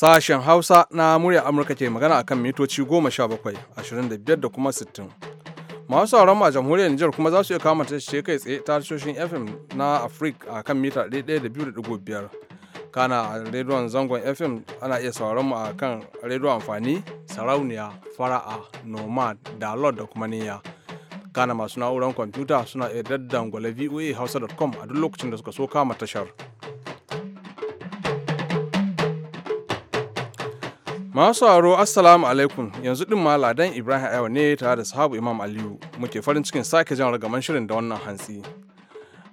Sashen Hausa na murya Amurka ke magana akan mitoci 17, da kuma 60. Masu sauran a jamhuriyar Nijar kuma za su iya kama ce kai tsaye ta tashoshin FM na Afrik a kan mita biyar Kana a rediyon zangon FM ana iya sauran mu a kan rediyon amfani, sarauniya, fara'a, nomad, lord da kuma niyya. Kana masu na'urar kwamfuta suna iya daddangwale voa hausa.com a duk lokacin da suka so kama tashar. Masu haro Assalamu alaikum yanzu din ma Ladan Ibrahim Ayo ne tare da sahabu Imam Aliyu muke farin cikin sake jan ragaman shirin da wannan hantsi.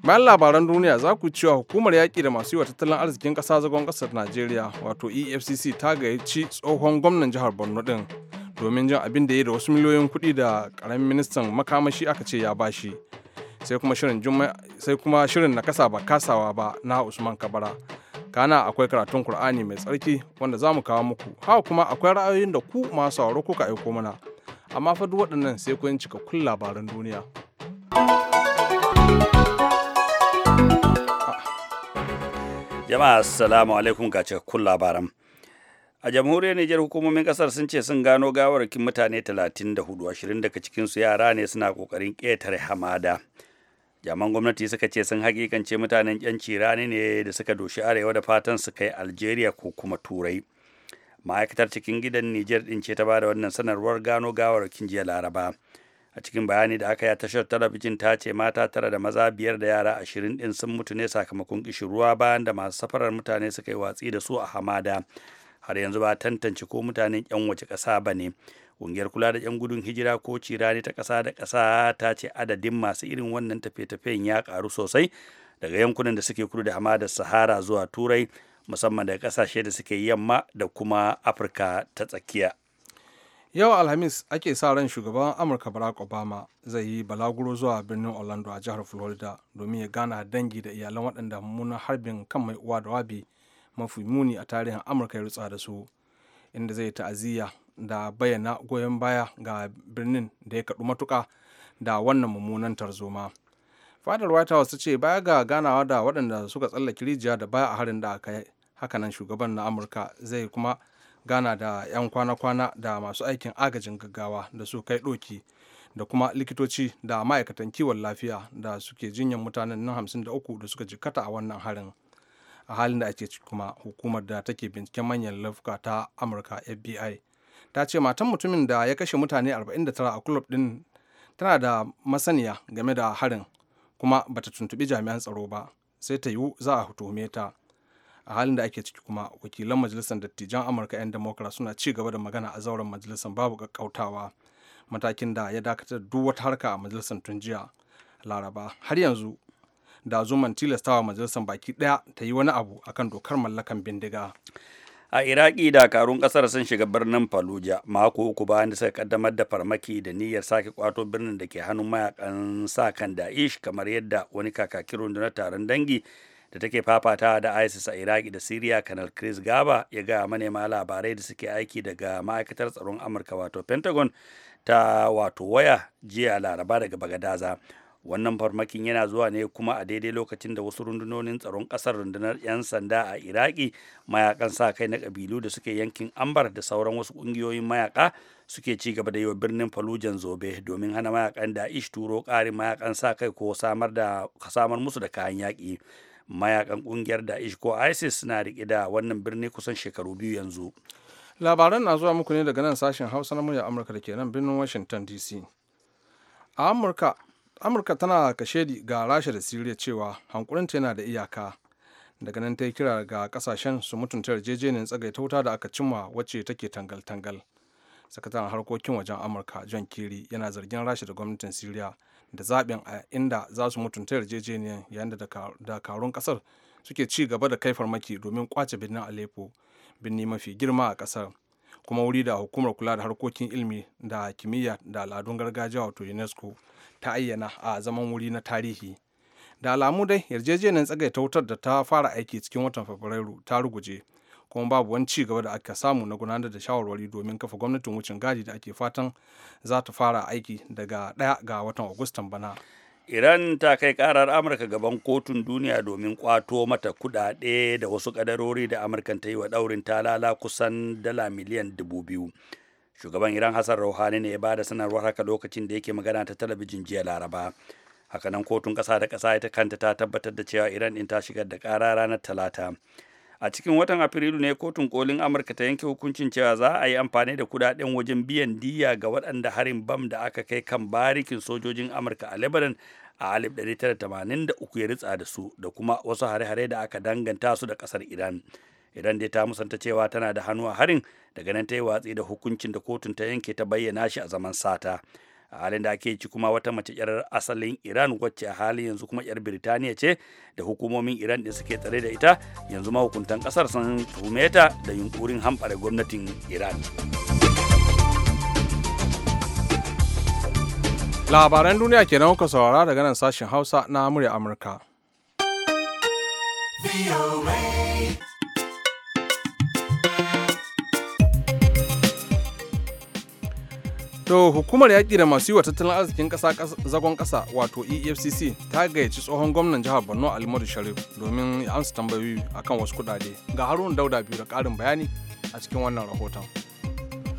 Bayan labaran duniya za ku cewa hukumar yaƙi da masu yi wa tattalin arzikin ƙasa zagon ƙasar Najeriya wato EFCC ta gayyaci tsohon gwamnan jihar Borno din domin jin abin da ya da wasu miliyoyin kuɗi da ƙaramin ministan makamashi aka ce ya bashi. Sai kuma shirin na kasa ba kasawa ba na Usman Kabara. kana akwai karatun Kur'ani mai tsarki wanda za mu kawo muku haka kuma akwai ra'ayoyin da ku masu sauraro kuka aiko mana amma fa duk waɗannan sai kun cika kun labaran duniya. Jama'a assalamu alaikum ga cikakkun labaran. A jamhuriyar Nijar hukumomin kasar sun ce sun gano gawarkin mutane 34 ashirin daga cikinsu yara ne suna kokarin ƙetare hamada. jaman gwamnati suka ce sun hakikance mutanen yanci rani ne da suka doshi arewa da fatan su kai algeria ko kuma turai ma'aikatar cikin gidan niger din ce ta ba da wannan sanarwar gano gawar jiya laraba a cikin bayani da aka ya tashar talabijin ta ce mata tara da maza biyar da yara ashirin din sun mutu ne sakamakon kishirwa bayan da masu safarar mutane suka yi watsi da su a hamada har yanzu ba tantance ko mutanen yan wace ƙasa ba ne ƙungiyar kula da 'yan gudun hijira ko cirani ta ƙasa da ƙasa ta ce adadin masu irin wannan tafiye-tafiyen ya ƙaru sosai daga yankunan da suke kudu da hamadar sahara zuwa turai musamman daga ƙasashe da suke yamma da kuma afirka ta tsakiya yau alhamis ake sa ran shugaban amurka barack obama zai yi balaguro zuwa birnin orlando a jihar florida domin ya gana dangi da iyalan waɗanda mummunan harbin kan mai uwa da wabi mafi muni a tarihin amurka ya rutsa da su inda zai ta'aziyya da bayyana goyon baya ga birnin da ya kaɗu matuka da wannan mummunan tarzoma fadar white house ta ce baya ga ganawa da waɗanda suka tsallake rijiya da baya a harin da aka yi hakanan shugaban na amurka zai kuma gana da 'yan kwana-kwana da masu aikin agajin gaggawa da su kai ɗoki da kuma likitoci da ma'aikatan kiwon lafiya da suke jinyar mutanen nan 53 da suka jikata a wannan harin a halin da ake kuma hukumar da take binciken manyan laifuka ta amurka fbi ta ce matan mutumin da ya kashe mutane 49 a kulob din tana da masaniya game da harin kuma ba ta tuntubi jami'an tsaro ba sai ta yiwu za a tuhume ta a halin da ake ciki kuma wakilan majalisar dattijan amurka 'yan democrat suna ci gaba da magana a zauren majalisar babu kakkautawa matakin da ya dakatar duk wata harka a majalisar tun jiya laraba har yanzu da zuman tilastawa majalisar baki daya ta yi wani abu akan dokar mallakan bindiga a iraki dakarun kasar sun shiga birnin fallujah mako uku bayan da suka kaddamar da farmaki da niyyar sake kwato birnin da ke hannun mayakan sa kan da'ish kamar yadda wani kakakin rundunar taron dangi da take fafata da isis a iraki da syria kanal chris gaba ya ga manema labarai da suke aiki daga ma'aikatar tsaron amurka wato pentagon ta wato waya jiya laraba daga bagadaza wannan farmakin yana zuwa ne kuma a daidai lokacin da wasu rundunonin tsaron kasar rundunar 'yan sanda a iraki mayakan sa kai na kabilu da suke yankin ambar da sauran wasu kungiyoyin mayaka suke ci gaba da yi wa birnin falujan zobe domin hana mayakan da ish turo karin mayakan sa kai ko samar da samar musu da kayan yaki mayakan kungiyar da ish ko isis suna riƙe da wannan birni kusan shekaru biyu yanzu labaran na zuwa muku ne daga nan sashen hausa na murya amurka da ke nan birnin washington dc a amurka amurka tana kashedi ga rasha da siriya cewa hankulinta yana da iyaka daga nan ta yi kira ga kasashen su mutunta yarjejeniyar tsagaita wuta da aka cimma wacce take tangal-tangal sakataren harkokin wajen amurka john kiri yana zargin rasha da gwamnatin siriya da zaɓin a inda za su mutunta yarjejeniyar yayin da dakarun ƙasar suke ci gaba da kai farmaki domin kwace birnin alepo birni mafi girma a ƙasar kuma wuri da hukumar kula da harkokin ilmi da kimiyya da al'adun gargajiya wato unesco ta ayyana a zaman wuri na tarihi da alamu dai yarjejeniyar ta wutar da ta fara aiki cikin watan fabrairu ta ruguje kuma babu wani ci gaba da aka samu na gudanar da shawarwari domin kafa gwamnatin wucin gadi da ake fatan za ta fara aiki daga 1 ga watan agustan bana Iran ta kai karar Amurka gaban kotun duniya domin kwato mata kudade da wasu kadarori da amurka ta yi wa daurin talala kusan dala miliyan dubu biyu. Shugaban Iran Hassan Rouhani ne ya bada sanarwar haka lokacin da yake magana ta talabijin jiya Laraba. Hakanan kotun kasa da kasa ita kanta ta tabbatar da cewa Iran din ta shigar da kara ranar Talata. a cikin watan afrilu ne kotun kolin amurka ta yanke hukuncin cewa za a yi amfani da kudaden wajen biyan diya ga waɗanda harin bam da aka kai kan barikin sojojin amurka a lebanon a 1983 ya ritsa da su da kuma wasu hare-hare da aka danganta su da ƙasar iran iran dai ta musanta cewa tana da hannu a harin daga nan ta yi watsi da hukuncin da kotun ta yanke ta bayyana shi a zaman sata a halin da ake ci kuma wata mace yar asalin iran wacce a halin yanzu kuma yar birtaniya ce da hukumomin iran din suke tsare da ita yanzu mahukuntan kasar sun tuhume ta da yunkurin hamɓare gwamnatin iran labaran duniya ke kenan kuka saurara daga nan sashen hausa na murya amurka To hukumar yaƙi da masu yi wa tattalin arzikin ƙasa zagon ƙasa wato EFCC ta gayyaci tsohon gwamnan jihar Borno Alimadu Sharif domin ya amsa tambayoyi akan wasu kuɗaɗe. Ga Haruna Dauda biyu da ƙarin bayani a cikin wannan rahoton.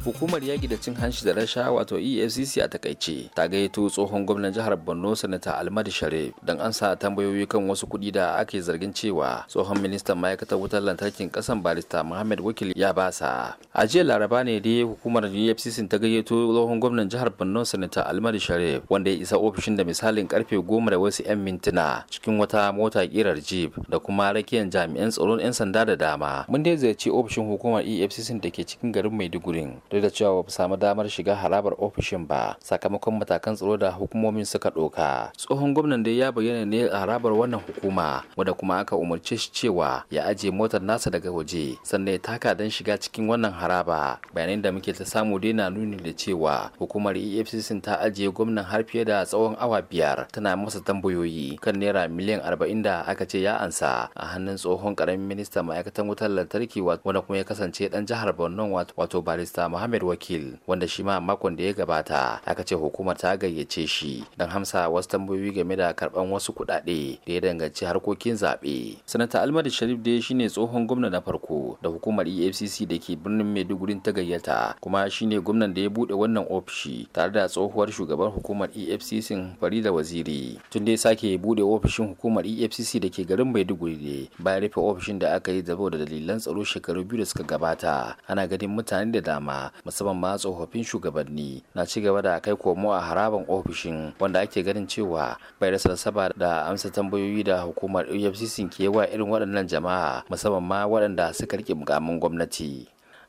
hukumar yaƙi da cin hanshi da rasha wato efcc a takaice ta gayyato tsohon gwamnan jihar borno sanata almadi sharif don an sa tambayoyi kan wasu kuɗi da ake zargin cewa tsohon ministan ma'aikatar wutar lantarkin ƙasan barista muhammad wakil ya basa a jiya laraba ne dai hukumar efcc ta gayyato tsohon gwamnan jihar borno sanata almadi sharif wanda ya isa ofishin da misalin karfe goma da wasu 'yan mintuna cikin wata mota kirar jeep da kuma rakiyar jami'an tsaron 'yan sanda da dama mun dai ziyarci ofishin hukumar efcc da ke cikin garin maiduguri duk da cewa ba samu damar shiga harabar ofishin ba sakamakon matakan tsaro da hukumomin suka ɗauka tsohon gwamnan dai ya bayyana ne a harabar wannan hukuma wanda kuma aka umarce shi cewa ya ajiye motar nasa daga waje sannan ya taka don shiga cikin wannan haraba bayanan da muke ta samu dai na nuni da cewa hukumar efcc ta ajiye gwamnan har fiye da tsawon awa biyar tana masa tambayoyi kan naira miliyan arba'in da aka ce ya ansa a hannun tsohon karamin ministan ma'aikatan wutar lantarki wanda kuma ya kasance dan jihar borno wato barista ahmed wakil wanda shi ma makon da ya gabata aka ce hukumar ta gayyace shi don hamsa wasu tambayoyi game da karban wasu kuɗaɗe da ya danganci harkokin zaɓe sanata almadi sharif dai shine tsohon gwamna na farko da hukumar efcc da ke birnin maiduguri ta gayyata kuma shine gwamnan da ya buɗe wannan ofishi tare da tsohuwar shugaban hukumar efcc farida waziri tun ya sake buɗe ofishin hukumar efcc da ke garin maiduguri ne bayan rufe ofishin da aka yi zabo da dalilan tsaro shekaru biyu da suka gabata ana ganin mutane da dama musamman ma tsofaffin shugabanni na ci gaba da kai komo a haraban ofishin wanda ake ganin cewa bai rasa saba da amsa tambayoyi da hukumar efcc ke wa irin waɗannan jama'a musamman ma waɗanda suka rike mukamin gwamnati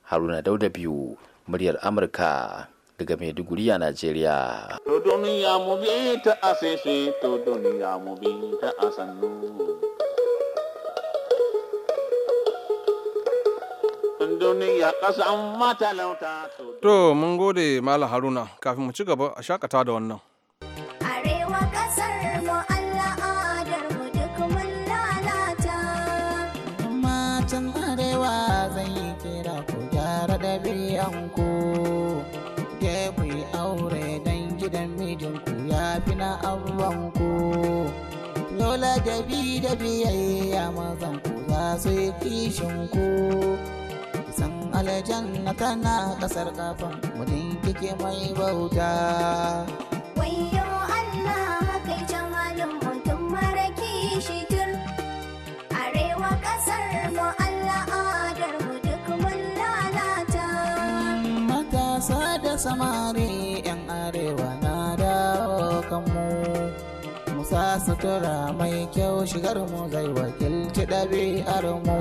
haruna dauda biyu muryar amurka daga maiduguri a nigeria. duniya mu bi ta asese to duniya mu bi ta duniya ƙasan matalauta. To, mun gode Malam Haruna kafin mu ci gaba a shakata da wannan. Arewa ƙasar mu al'adar mu duk mun lalata. Matan Arewa zan yi kira ku gyara da biyanku. Ke ku yi aure don gidan mijinku ya fi na abuwanku. Lola da bi da biyayya mazan ku za su yi kishin ku. aljanna kana kasar kafan mutum kike mai bauta wayo Allah kai jamalin mutum mara kishi tur arewa kasar mu Allah adar mu duk mun lalata matasa da samari yan arewa na dawo kanmu musa sutura mai kyau shigar mu zai wakilci ɗabi'ar mu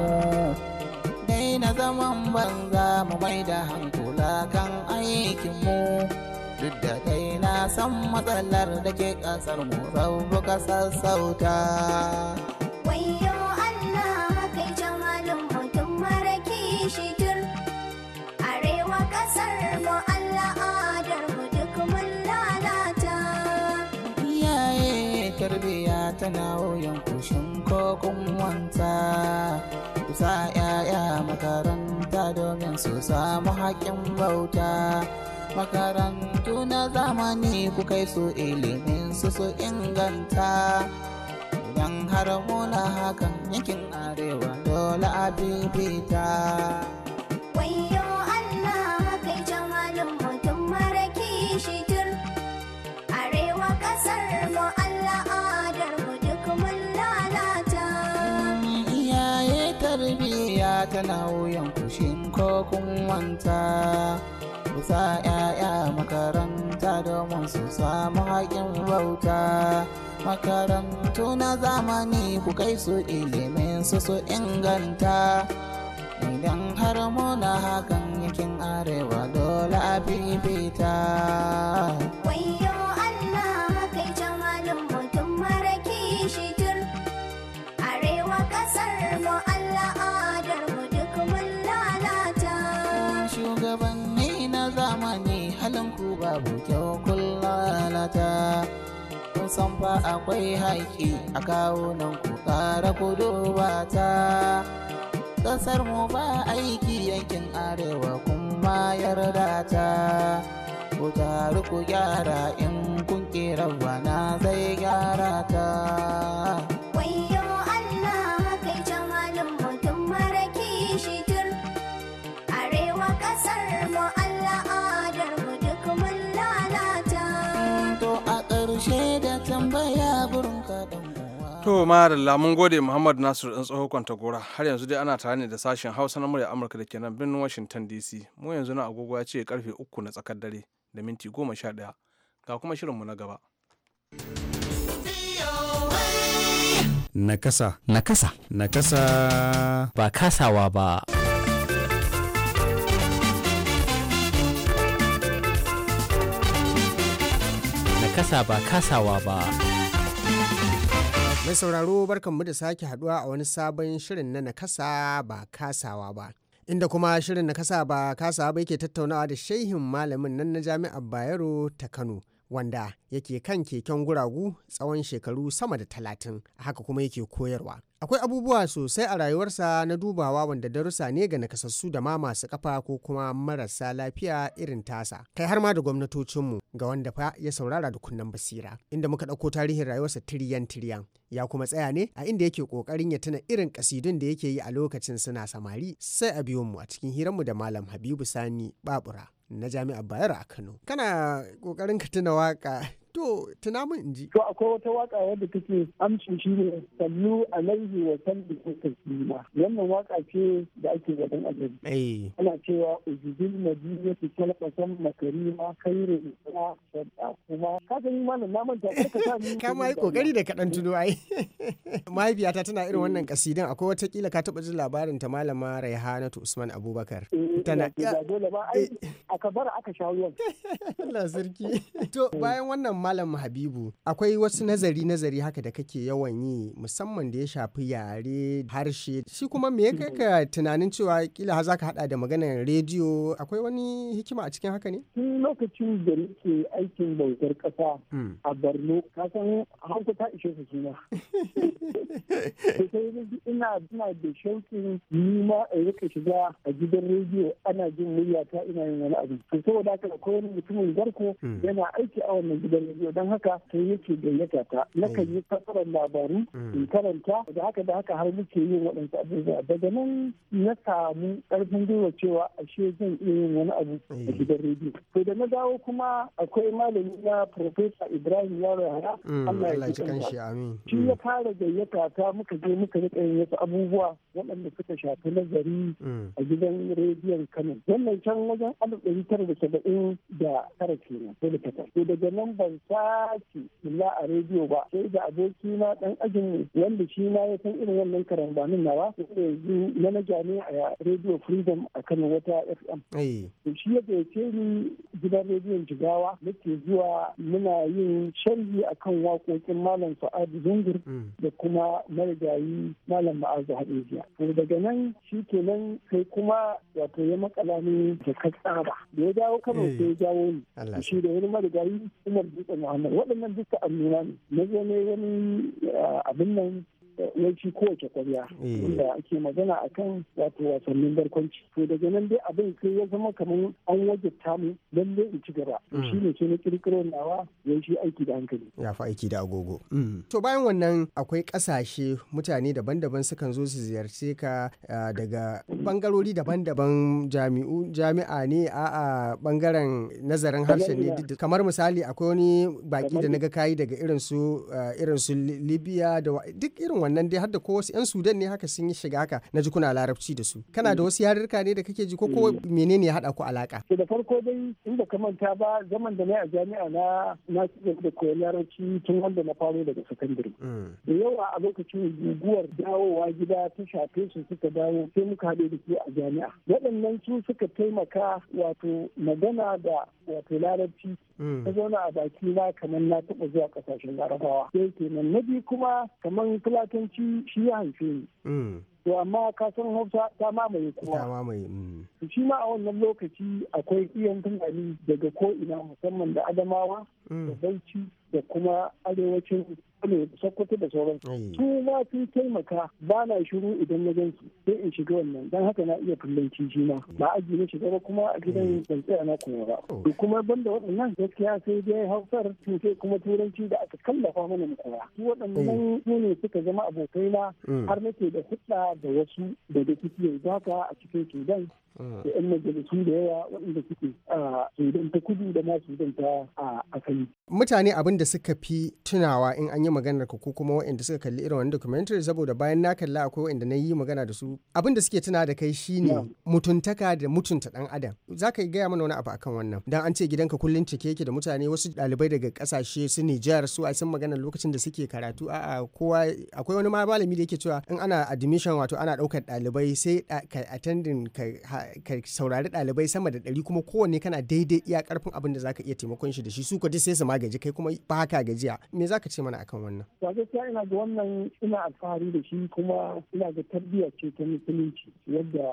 daina zaman banza mu mai da hankula kan aikinmu duk da dai na san matsalar da ke ƙasar mu rabuka sassauta wayo Allah kai jamalin mutum mara kishi tur arewa ƙasar mu Allah adar mu duk mun lalata iyaye tarbiya tana wuyan kushin kokun wanta sa 'ya'ya makaranta domin su samu haƙƙin bauta makarantu na zamani ku kai su ilimin su su inganta idan har muna hakan yankin arewa dole a bibita. tana wuyan kushin ko wanta ku sa 'ya'ya makaranta domin su samu haƙin bauta makarantu na zamani ku kai su ilimin su su inganta idan har muna hakan yakin arewa dole a fifita san fa akwai haƙƙi a kawunan ku ƙara ba ta ƙasar mu ba aiki yankin arewa kuma yarda ta ku taru ku gyara in kun ƙi na zai gyara ta To ma mun gode Muhammad Nasiru ɗan kwanta Kwantagora har yanzu dai ana tare ne da sashen Hausa na murya Amurka da ke nan birnin Washington DC. Mu yanzu na agogo ya ce karfe uku na tsakar dare da minti goma sha ɗaya. Ga kuma shirinmu na gaba. Nakasa. Nakasa. Nakasa. Ba kasawa ba. Nakasa ba kasawa ba. Mai sauraro barkanmu da sake haduwa a wani sabon shirin na nakasa ba kasawa ba. Inda kuma shirin nakasa ba kasawa ba yake tattaunawa da shehin malamin nan na jami'ar Bayero ta Kano. wanda yake kan keken guragu tsawon shekaru sama da talatin haka kuma yake koyarwa akwai abubuwa sosai a rayuwarsa na dubawa wanda darussa ne ga nakasassu da ma masu kafa ko kuma marasa lafiya irin tasa kai har ma da gwamnatocinmu ga wanda fa ya saurara da kunnen basira inda muka ɗauko tarihin rayuwarsa tiriyan tiriyan ya kuma tsaya ne a inda yake ƙoƙarin ya tuna irin ƙasidun da yake yi a lokacin suna samari sai a biyo mu a cikin hiranmu da malam habibu sani babura na jami'ar bayero a kano kana ƙoƙarin ka tuna waƙa To, tuna mun in ji. To, akwai wata waka wadda take amshi shi ne sallu alaihi wa sallu ko taslima. Wannan waka ce da ake gaban annabi. Eh. Ana cewa ujubil talaka san makarima kairu isra sadda kuma ka gani malam na manta ka sa ni. Ka mai kokari da kaɗan tuno ai. Mahaifiyata tana irin wannan kasidan eh. akwai wata kila ka taɓa jin labarin ta malama Raihanatu Usman Abubakar. Eh, tana ka ai eh. aka bar aka sha Allah sarki. To, bayan wannan malam habibu akwai wasu nazari-nazari haka da kake yawan yi musamman da ya shafi yare harshe shi kuma me kai ka tunanin cewa kila za ka hada da maganar rediyo akwai wani hikima a cikin haka ne lokacin da nake aikin bautar kasa hmm. a borno kasan hausa ta ishe su suna ina ina da ni ma a rika shiga a gidan rediyo ana jin murya ta ina yin wani abu kusa saboda haka akwai wani mutumin garko hmm. yana aiki a wannan gidan radio don haka sai yake gayyata ta na kan yi fasarar labaru mm. in karanta da haka da haka har muke yin waɗansu abubuwa daga nan na samu ƙarfin gwiwa cewa ashe zan iya yin wani abu a eh. gidan rediyo to da na dawo kuma akwai malami na profesa ibrahim yaro yara mm, allah ya ci shi ya mm. fara gayyata ta muka je muka riƙa yin wasu abubuwa waɗanda suka shafi nazari a gidan rediyon kano wannan can wajen alif ɗari tara da saba'in da tara kenan ko da takwas to daga nan ban ban sake illa a rediyo ba sai da aboki na dan ajin ne wanda shi na ya san irin wannan karambanin nawa sai yanzu na ne a rediyo freedom a kan wata fm eh. to shi ya gayyace ni gidan rediyon jigawa nake zuwa muna yin sharhi akan waƙoƙin malam sa'adu zungur mm. da kuma marigayi malam ma'azu haɗejiya to daga nan shi kenan sai kuma wato ya makala ne da kasa ba da ya dawo kamar eh. sai ya jawo ni shi da wani marigayi kuma dutsen muhammad waɗannan duka amina na ne wani abin nan yanki kowace kwarya inda eh. ake magana akan wato wasannin barkwanci to daga nan dai abin sai ya zama kamar an waje tamu lalle in ci gaba mm. shi ne sai na kirkiro nawa ya shi aiki da hankali ya fi aiki da agogo mm. to bayan wannan akwai kasashe mutane daban-daban sukan zo su ziyarce ka daga bangarori daban-daban jami'u jami'a ne a bangaren nazarin harshen ne kamar misali akwai wani baki da naga kayi daga irin su irin su libya da duk irin wannan dai har ko wasu 'yan sudan ne haka sun yi shiga haka na ji kuna larabci da su kana da wasu yarurruka ne da kake ji ko ko mm. menene ya haɗa ku alaka da farko dai in da ka manta ba zaman da na a jami'a na na da koyon larabci tun wanda na faro daga sakandare mm. da yawa a lokacin guguwar dawowa gida ta shafe su suka dawo sai muka haɗe da su a jami'a waɗannan su suka taimaka wato magana da wato larabci ta mm. zauna a baki na kamar na taɓa zuwa ƙasashen larabawa sai kenan na biyu kuma kamar filato Hausanci shi ya haife ni. Mm. To amma ka san Hausa ta mamaye kowa. Ta mamaye. Mm. Shi ma a wannan lokaci akwai iyan tunani daga ko ina musamman da Adamawa mm. da Bauchi da kuma arewacin ne sokoto da sauran su ma sun taimaka ba na shiru idan na gan sai in shiga wannan dan haka na iya kullum kishi na ba aji na shiga ba kuma a gidan mm. ban tsaya na kuma ba oh. to kuma banda waɗannan gaskiya sai dai hausar sai kuma turanci da aka kallafa mana mu koya su waɗannan mm. su ne suka zama abokai na mm. har nake da hudda da wasu da da suke zaka a cikin sudan da yan majalisu da yawa waɗanda suke a sudan ta kudu da ma sudan ta a asali mutane abin da suka fi tunawa in an yi maganar ka ko kuma waɗanda suka kalli irin wani documentary saboda bayan na kalla akwai waɗanda na yi magana da su abin da suke tuna da kai shine mutuntaka da mutunta dan adam za ka gaya mana wani abu akan wannan dan an ce gidanka kullun cike yake da mutane wasu ɗalibai daga ƙasashe su Nijar su a sun magana lokacin da suke karatu a'a kowa akwai wani malami da yake cewa in ana admission wato ana ɗaukar ɗalibai sai ka attending ka saurari ɗalibai sama da ɗari kuma kowanne kana daidai iya ƙarfin abin da zaka iya taimakon shi da shi su ka sai su magaji kai kuma ba ka gajiya me zaka ce mana akan kan wannan gaskiya ina ga wannan ina alfahari da shi kuma ina ga tarbiyyar ce ta musulunci yadda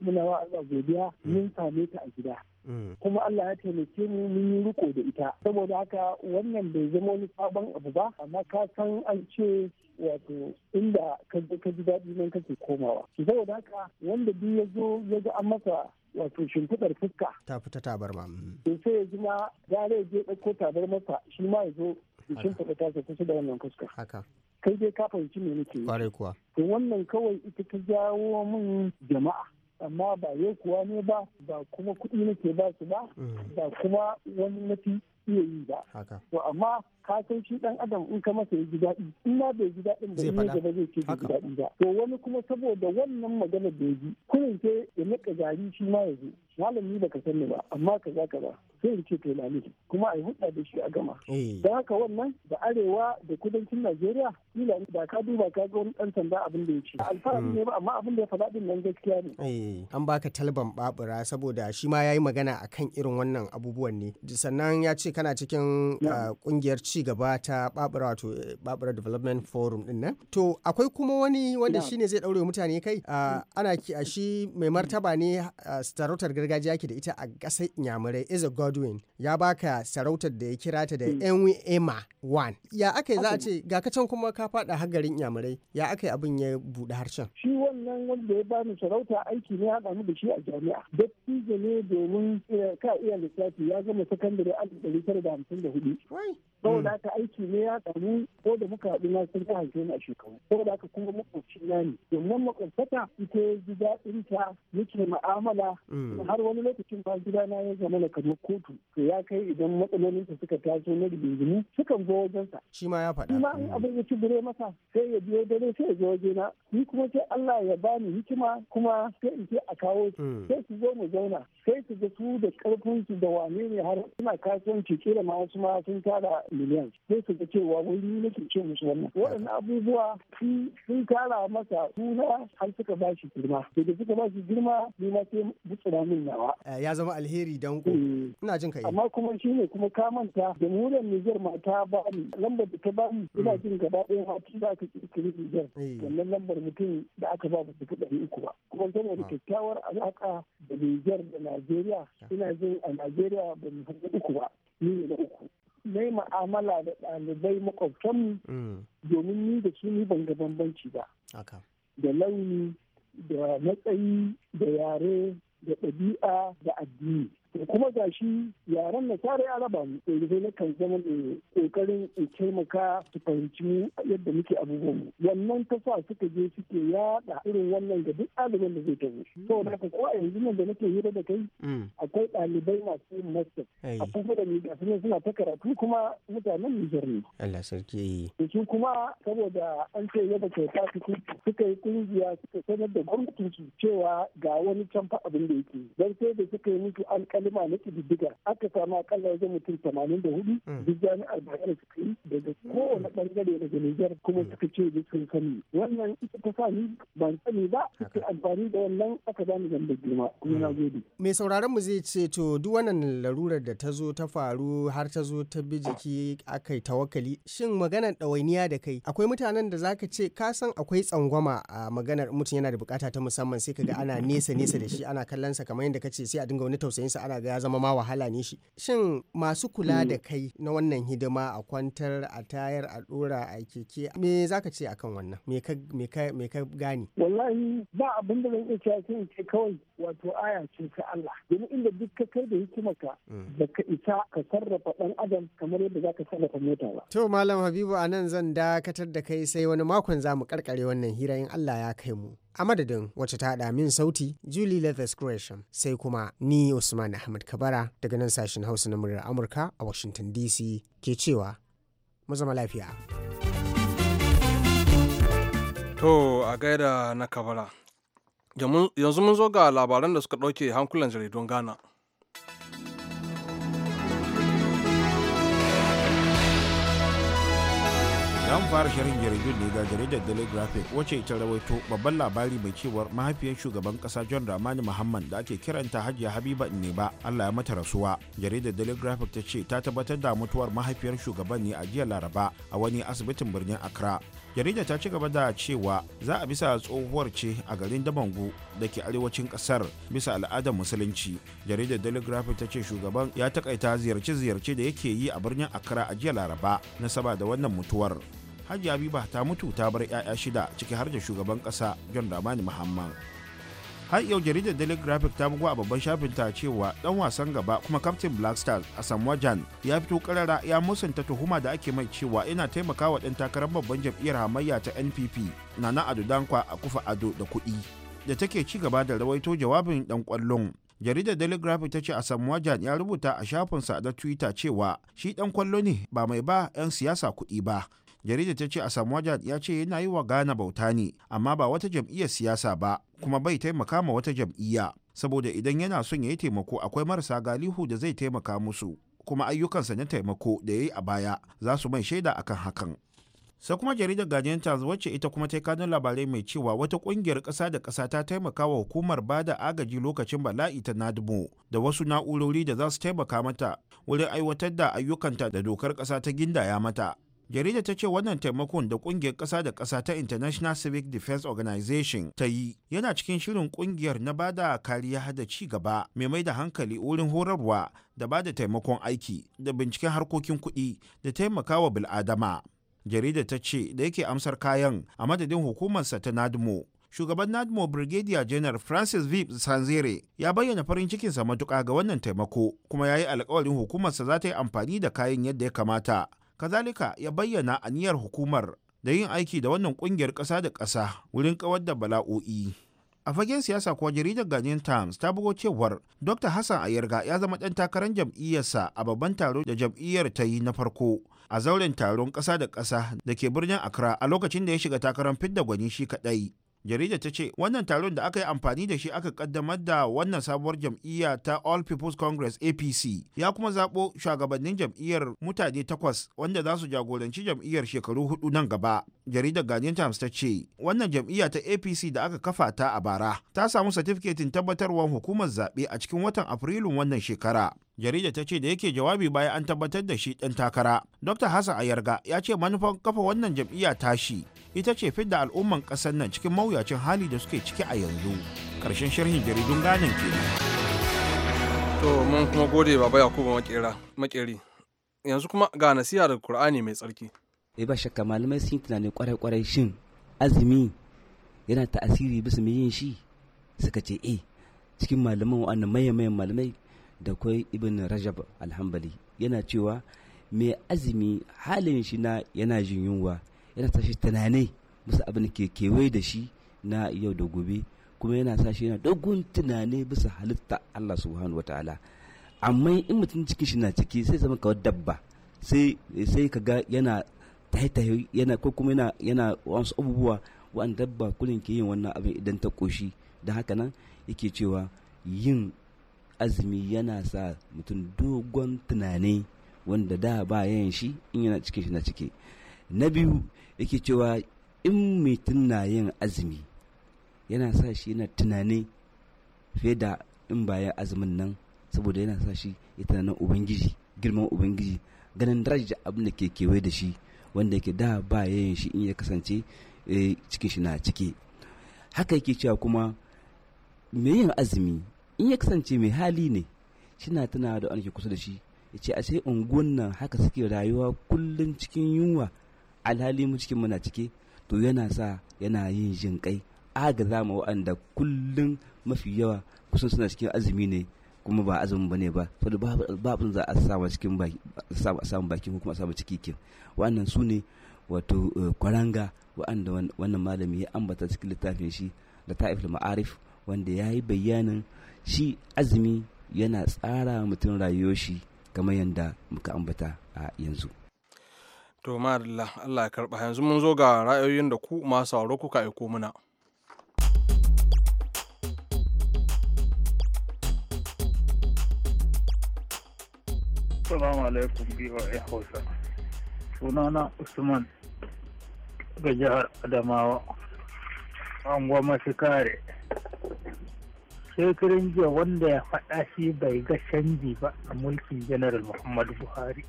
muna wa Allah godiya mun same ta a gida mm. kuma Allah ya taimake mu mun yi riko da ita saboda haka wannan bai zama wani sabon abu ba amma ka san an ce wato inda ka ji daɗi nan kake komawa saboda haka wanda duk ya zo ya ga an masa wato shimfiɗar fuska ta fita tabarma mm. sai ya ji ma gare ya je ɗauko tabarmarsa shi ma ya zo shin faɗa ta kusa da wannan fuska haka kai dai ka fahimci me nake yi kuwa to wannan kawai ita ta jawo min jama'a amma ba yau kuwa ne ba ba kuma kuɗi nake ba su ba mm. ba kuma wani mafi iya yi ba to amma ka san shi dan adam in ka masa ya ji daɗi in ma bai ji daɗin ba ne gaba zai ce bai ji daɗi ba to wani kuma saboda wannan magana da ya ji sai ya nika gari shi ma ya ji malami baka san ni ba amma ka za ka ba sai ya ce to lali kuma a yi hudda da shi a gama eh. don haka wannan da arewa da kudancin najeriya kila da ka duba ka ga wani ɗan sanda abin da ya ce alfahari mm. ne ba amma abin da ya faɗa din nan gaskiya ne eh. an baka talban babura saboda shi ma yi magana akan irin wannan abubuwan ne sannan ya ce kana cikin kungiyar ah, ci gaba ta babura wato eh, babura development forum din nan to akwai kuma wani wanda shine zai daure mutane kai ah, mm. ana ki ah, shi mai martaba ne sarautar gargajiya ke da ita a ƙasar inyamurai a Godwin ya baka sarautar da ya kira ta da mm. Enwi Ema 1 ya aka za a ce ga kacan kuma ka fada hagarin inyamurai ya aka abin ya buɗe harshen shi wannan wanda ya bani sarauta aiki ne ya haɗa da shi a jami'a dattijo ne domin eh, ka iya lissafi ya zama sakandare alif ɗari da hamsin da hudu. saboda hmm. haka aiki ne ya samu ko da muka haɗu na sun ta haife a shekaru saboda aka kuma makwabci na ne domin makwabtaka ita ya ji daɗin ta muke ma'amala hmm. har wani lokacin ba gida na ya zama kamar kotu to ya kai idan matsalolin ta suka taso na rigingimu sukan zo wajen sa shi ma ya faɗa shi ma in hmm. abin ya ci bure masa sai ya biyo dare sai ya zo waje na ni kuma sai Allah ya bani hikima kuma sai in ce a kawo sai su zo mu zauna sai su ga su da ƙarfin su da wane ne har suna kasuwanci ke kila ma wasu ma sun tara miliyan sai su ga cewa wai ni nake ce musu wannan waɗannan abubuwa sun tara masa suna har suka ba shi girma da suka ba shi girma ni ma sai butsura min nawa eh, ya zama alheri dan ku eh. ina jin kai amma kuma shine kuma ka manta jamhuriyar Niger ma ta ba ni lambar da ta ba ni ina mm. jin gaba ɗaya ma tun aka ka kirkiri Niger eh. wannan lambar mutum da aka ba ba su ɗari uku ba kuma saboda ah. kyakkyawar alaƙa da Niger da Najeriya ah. ina jin a Najeriya ba mu uku ba ni da uku na yi ma'amala da ɗalibai makwabtanmu mm. domin ni da su ni ban ga bambanci ba da launi da matsayi da yare da ɗabi'a da addini da kuma gashi yaren na tare ya raba mu yanzu sai nakan zama da kokarin in taimaka su fahimci yadda muke abubuwan mu wannan ta sa suka je suke yaɗa. irin wannan ga duk ɗaliban da zai tafi mm. so na ka ko yanzu nan da nake hira da kai mm. akwai ɗalibai masu yin master a kuma da miga suna suna ta karatu kuma mutanen Nijar ne Allah sarki su kuma saboda an ce yadda ta fito. suka yi kungiya suka sanar da gwamnatin su cewa ga wani can fa abin da yake dan sai da suka yi an alƙal malama na ƙididdiga aka samu akalla wajen mutum tamanin da hudu hmm. duk jami'ar bayar suka yi daga kowane ɓangare daga Nijar kuma hmm. suka ce da sun sani wannan ita ta sa ni ban sani ba suka amfani da wannan aka bani da girma kuma na hmm. gode. Mai sauraron mu zai ce to duk wannan larurar da ta zo ta faru har ta zo ta bi jiki akai yi tawakali shin maganar ɗawainiya da kai akwai mutanen da zaka ce ka san akwai tsangwama a maganar mutum yana da bukata ta musamman sai ka ga ana nesa nesa da shi ana kallon sa kamar yadda kace sai a dinga wani tausayin sa kana ga ya zama ma wahala ne shi shin masu kula da mm. kai na wannan hidima a kwantar a tayar a dora a keke me zaka ce akan wannan me ka me ka ka gane wallahi ba abin da zan iya cewa kawai wato aya ce ta Allah domin inda duk ka kai da ka mm. da ka isa ka sarrafa dan adam kamar yadda zaka sarrafa mota ba to malam habibu a nan zan dakatar da kai sai wani makon za mu karkare wannan hira in Allah ya kai mu a madadin wacce ta haɗa min sauti Julie Leathers Gresham sai kuma ni Usman Ahmad Kabara daga nan sashen Hausa na muryar Amurka a Washington DC ke cewa mu zama lafiya. To a gaida na kabara yanzu mun zo ga labaran da suka ɗauke hankulan jaridun ghana don fara shirin jaridun ne ga jaridar daily graphic wacce ita rawaito babban labari mai cewar mahaifiyar shugaban kasa john ramani muhammad da ake kiranta hajiya habiba ne ba allah ya mata rasuwa jaridar daily graphic ta ce ta tabbatar da mutuwar mahaifiyar shugaban ne a jiya laraba a wani asibitin birnin accra jarida ta ci gaba da cewa za a bisa tsohuwar ce a garin dabangu da ke arewacin kasar bisa al'adar musulunci jaridar telegraphy ta ce shugaban ya takaita ziyarce-ziyarce da yake yi a birnin accra a jiya laraba na saba da wannan mutuwar hajji habiba ta mutu ta bar 'ya'ya shida ciki har da shugaban kasa john ramani muhammad har yau jaridar daily graphic ta bugu a babban shafin ta cewa dan wasan gaba kuma captain black stars a samuajan ya fito karara ya musanta tuhuma da ake mai cewa yana taimakawa dan takarar babban jam'iyyar hamayya ta npp na na ado dankwa a kufa ado da kuɗi da take ci gaba da rawaito jawabin dan kwallon jaridar daily graphic ta ce a samuajan ya rubuta a shafinsa da twitter cewa shi dan kwallo ne ba mai ba 'yan siyasa kuɗi ba jaridar ta ce Asamoah ya ce yana yi wa gana bauta ne amma ba wata jam'iyyar siyasa ba kuma bai taimaka ma wata jam'iyya saboda idan yana son ya yi taimako akwai marasa galihu da zai taimaka musu kuma ayyukansa na taimako da ya yi a baya za su mai shaida akan hakan. sai kuma jaridar guardian times wacce ita kuma ta kanun labarai mai cewa wata kungiyar ƙasa da ƙasa ta taimaka wa hukumar ba da agaji lokacin bala'i ta nadmo da wasu na'urori da za su taimaka mata wurin aiwatar da ayyukanta da dokar ƙasa ta gindaya mata jarida ta ce wannan taimakon da kungiyar ƙasa da ƙasa ta international civic defense organization ta yi yana cikin shirin kungiyar na bada kariya da ci gaba mai mai da hankali wurin horarwa da ba da taimakon aiki da binciken harkokin kuɗi da taimakawa bil'adama jarida ta ce da yake amsar kayan a madadin hukumarsa ta nadmo shugaban nadmo brigadier general francis vip sanzere ya bayyana farin cikinsa matuƙa ga wannan taimako kuma ya yi alkawarin hukumarsa za ta yi amfani da kayan yadda ya kamata kazalika ya bayyana a niyyar hukumar da yin aiki da wannan kungiyar ƙasa da ƙasa wurin kawar da bala'o'i a fagen siyasa kuwa jaridar ghanaian times ta bugo cewar dr hassan ayarga ya zama ɗan takarar jam'iyyarsa a babban taro da jam'iyyar ta yi na farko a zauren taron ƙasa da ƙasa da ke birnin accra a lokacin da ya shiga takarar fidda gwani shi kaɗai jaridar ta ce wannan taron da aka yi amfani da shi aka kaddamar da wannan sabuwar jam'iyya ta all people's congress apc ya kuma zaɓo shugabannin jam'iyyar mutane takwas wanda za su jagoranci jam'iyyar shekaru hudu nan gaba jaridar guardian times ta ce wannan jam'iyya ta apc da aka kafa ta a bara ta samu satifiketin tabbatarwar hukumar zaɓe a cikin watan afrilun wannan shekara jarida ta ce da yake jawabi bayan an tabbatar da shi ɗan takara dr hassan ayarga ya ce manufan kafa wannan jam'iyya tashi ita ce fidda al'umman ƙasar nan cikin mawuyacin hali da suke ciki a yanzu ƙarshen sharhin jaridun ganin ke to mun kuma gode baba yakubu makeri yanzu kuma ga nasiha daga kur'ani mai tsarki eh ba shakka malamai sun tunani kwarai kwarai shin azumi yana ta'asiri bisa mai yin shi suka ce eh cikin malaman wa'annan mayan mayan malamai da kwai ibn rajab alhambali yana cewa mai azumi halin shi na yana jin yunwa yana tashi tunanai bisa abin ke kewaye da shi na yau da gobe kuma yana sa shi yana dogon tunani bisa halitta Allah subhanahu wa ta'ala amma in mutum ciki shi na ciki sai zama kawai dabba sai sai kaga yana tahitahi yana ko kuma yana wasu abubuwa wa'an dabba kullum ke yin wannan abin idan ta koshi da haka nan yake cewa yin azumi yana sa mutum dogon tunani wanda da ba yayin shi in yana cike shi na cike na biyu yake cewa in mutum na yin azumi yana sa shi yana tunani fiye da in bayan azumin nan saboda yana sa shi ya tunanin ubangiji girman ubangiji ganin daraja abin da ke kewaye da shi wanda yake da ba yayin shi in ya kasance eh, cikin shi na ciki haka yake cewa kuma me yin azumi in ya kasance mai hali ne shina tana da wani kusa da shi ya ce ashe unguwan nan haka suke rayuwa kullum cikin yunwa alhali mu cikin muna cike to yana sa yana yin jin kai za mu wa'anda kullum mafi yawa kusan suna cikin azumi ne kuma ba azumin bane ba saboda babu za a sa cikin baki samu ko kuma a samu ciki kin wannan su ne wato eh, kwaranga wa'anda wannan malami ya ambata cikin littafin shi da ta'if ma'arif wanda ya yi bayanin shi azumi yana tsara mutum rayuwar kamar yadda muka ambata a yanzu to ma'adalla allah ya karba yanzu mun zo ga ra'ayoyin da ku masu sauro kuka aiko muna Assalamu alaikum BOA Hausa. Sunana Usman ga jihar Adamawa. An goma shi kare. shekarun jiya wanda ya faɗa shi bai ga canji ba a mulkin general muhammadu buhari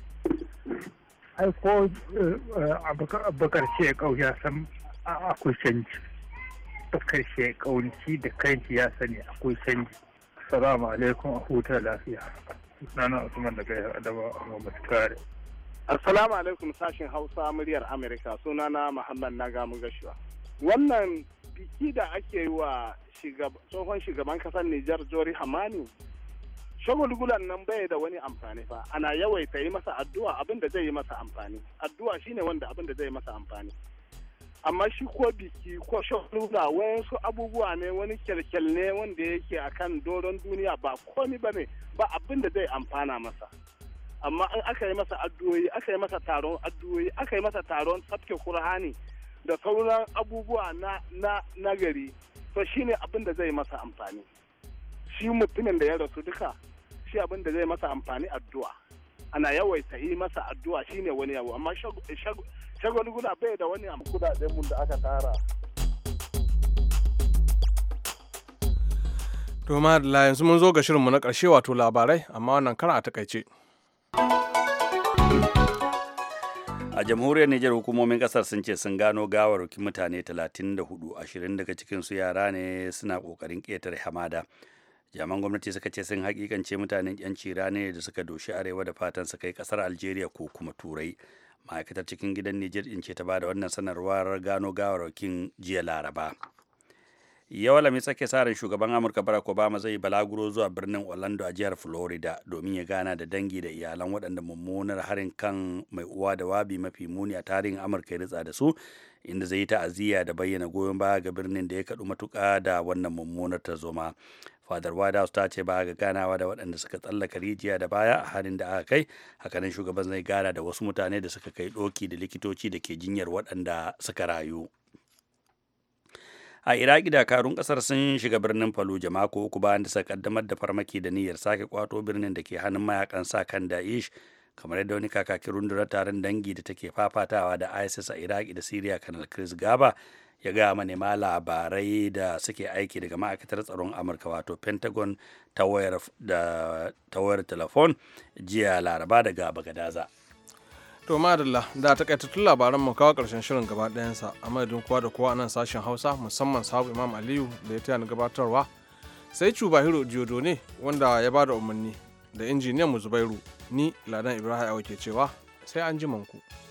ai ko eh, eh, abubakar shekau ya san akwai canji abubakar shekaunci da kanci ya sani akwai canji salamu alaikum a hutar lafiya sunana usman daga yar adama a mamadu kare assalamu alaikum sashin hausa muryar amurka sunana muhammad gamu gashiwa wannan biki da ake yi wa tsohon shugaban kasar Nijar Jori Hamani shagulgulan nan bai da wani amfani fa ana yawaita yi masa addu'a abin da zai yi masa amfani addu'a shine wanda abin da zai yi masa amfani amma shi ko biki ko shagulgula su abubuwa ne wani kyalkyal ne wanda yake kan doron duniya ba komi ba ne ba abin da zai amfana masa amma in aka yi masa addu’oyi, aka yi masa taron addu’oyi, aka yi masa taron tsafke kurhani da sauran abubuwa na na nagari to shine abin da zai masa amfani shi mutumin da ya rasu duka shi abin da zai masa amfani addu'a ana yawaita yi masa addu'a shine wani yawo amma guda bai da wani amfani kudaden mun da aka tara To ma yanzu mun zo ga shirinmu na karshe wato labarai amma wannan kara a takaice. a jamhuriyar Nijar hukumomin kasar sun ce sun gano gawarwakin mutane 34 ashirin daga cikinsu yara ne suna kokarin ƙetare hamada jaman gwamnati suka ce sun hakikance mutanen yanci rane da suka doshi arewa da fatan su kai kasar algeria ko kuma turai ma'aikatar cikin gidan nijar in ce ta ba da wannan sanarwar gano gawarwakin jiya laraba yawa lami tsake sa ran shugaban amurka barack obama zai balaguro zuwa birnin orlando a jihar florida domin ya gana da dangi da iyalan waɗanda mummunar harin kan mai uwa da wabi mafi muni a tarihin amurka ya ritsa da su inda zai yi ta'aziyya da bayyana goyon baya ga birnin da ya kaɗu matuƙa da wannan mummunar ta tarzoma fadar wada su ta ce ba ga ganawa da waɗanda suka tsallaka rijiya da baya a harin da aka kai hakanan shugaban zai gana da wasu mutane da suka kai doki da likitoci da ke jinyar waɗanda suka rayu a iraki dakarun kasar sun shiga birnin fallujah mako uku bayan da suka kaddamar da farmaki da niyyar sake kwato birnin da ke hannun mayakan sa kan da'ish kamar yadda wani kakakin rundunar taron dangi da take fafatawa da isis a iraki da syria kanal chris gaba ya gaya manema labarai da suke aiki daga ma'aikatar tsaron amurka wato pentagon ta wayar telefon jiya laraba daga bagadaza. To madalla da takaitattun labaran mu kawo karshen shirin gaba ɗayansa a madadin kowa da kowa nan sashen Hausa musamman sabu Imam Aliyu da ya taya ni gabatarwa sai Cubahiro Diodo ne wanda ya ba da umarni da injiniyan mu Zubairu ni Ladan Ibrahim Awa ke cewa sai an ji manku. ku.